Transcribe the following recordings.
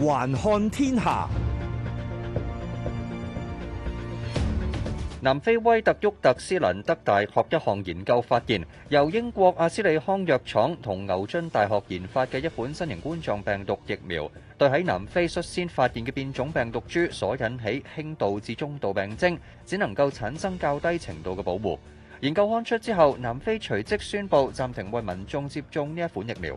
環看天下。南非威特沃特斯蘭德大學一項研究發現，由英國阿斯利康藥廠同牛津大學研發嘅一款新型冠狀病毒疫苗，對喺南非率先發現嘅變種病毒株所引起輕度至中度病徵，只能夠產生較低程度嘅保護。研究刊出之後，南非隨即宣布暫停為民眾接種呢一款疫苗。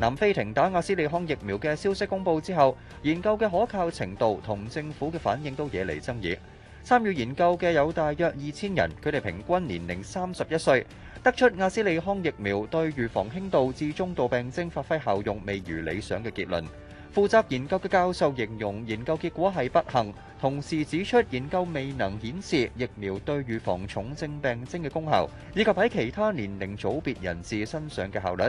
南非停打阿斯利康疫苗嘅消息公布之後，研究嘅可靠程度同政府嘅反應都惹嚟爭議。參與研究嘅有大約二千人，佢哋平均年齡三十一歲，得出阿斯利康疫苗對預防輕度至中度病徵發揮效用未如理想嘅結論。負責研究嘅教授形容，研究結果係不幸，同時指出研究未能顯示疫苗對預防重症病徵嘅功效，以及喺其他年齡組別人士身上嘅效率。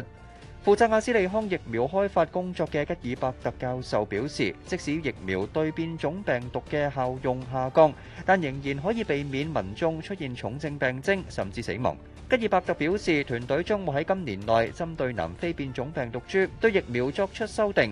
負責阿斯利康疫苗開發工作嘅吉爾伯特教授表示，即使疫苗對變種病毒嘅效用下降，但仍然可以避免民眾出現重症病徵，甚至死亡。吉爾伯特表示，團隊將會喺今年內針對南非變種病毒株對疫苗作出修訂。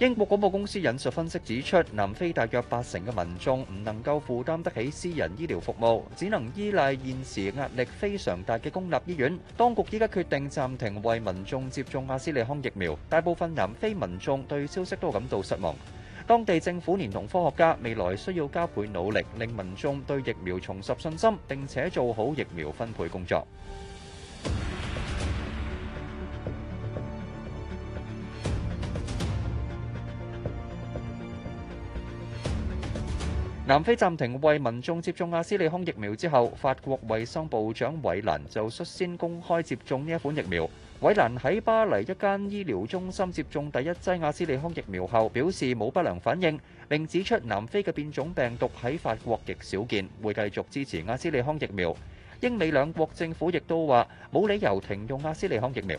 英國廣播公司引述分析指出，南非大約八成嘅民眾唔能夠負擔得起私人醫療服務，只能依賴現時壓力非常大嘅公立醫院。當局依家決定暫停為民眾接種阿斯利康疫苗，大部分南非民眾對消息都感到失望。當地政府連同科學家未來需要加倍努力，令民眾對疫苗重拾信心，並且做好疫苗分配工作。南非暫停為民眾接種阿斯利康疫苗之後，法國衛生部長韋蘭就率先公開接種呢一款疫苗。韋蘭喺巴黎一間醫療中心接種第一劑阿斯利康疫苗後表示冇不良反應，並指出南非嘅變種病毒喺法國極少見，會繼續支持阿斯利康疫苗。英美兩國政府亦都話，冇理由停用阿斯利康疫苗。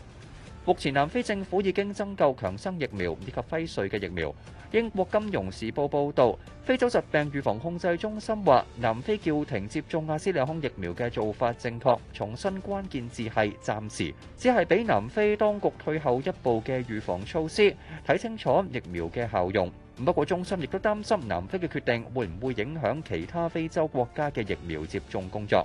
目前南非政府已經增購強生疫苗以及輝瑞嘅疫苗。英國金融時報報道，非洲疾病預防控制中心話，南非叫停接種阿斯利康疫苗嘅做法正確，重申關鍵字係暫時，只係俾南非當局退後一步嘅預防措施，睇清楚疫苗嘅效用。不過中心亦都擔心南非嘅決定會唔會影響其他非洲國家嘅疫苗接種工作。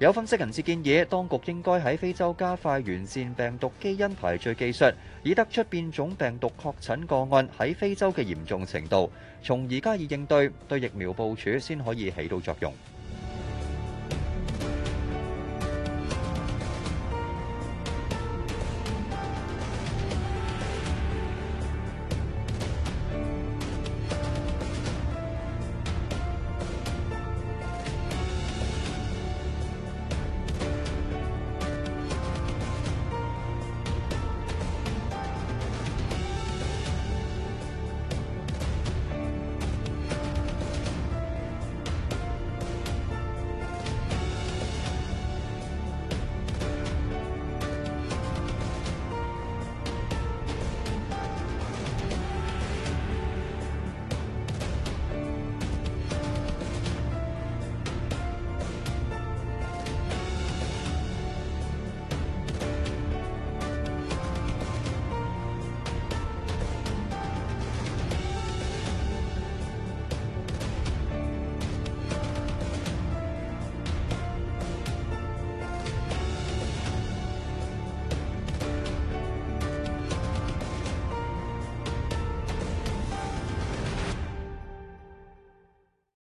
有分析人士建議，當局應該喺非洲加快完善病毒基因排序技術，以得出變種病毒確診個案喺非洲嘅嚴重程度，從而加以應對，對疫苗部署先可以起到作用。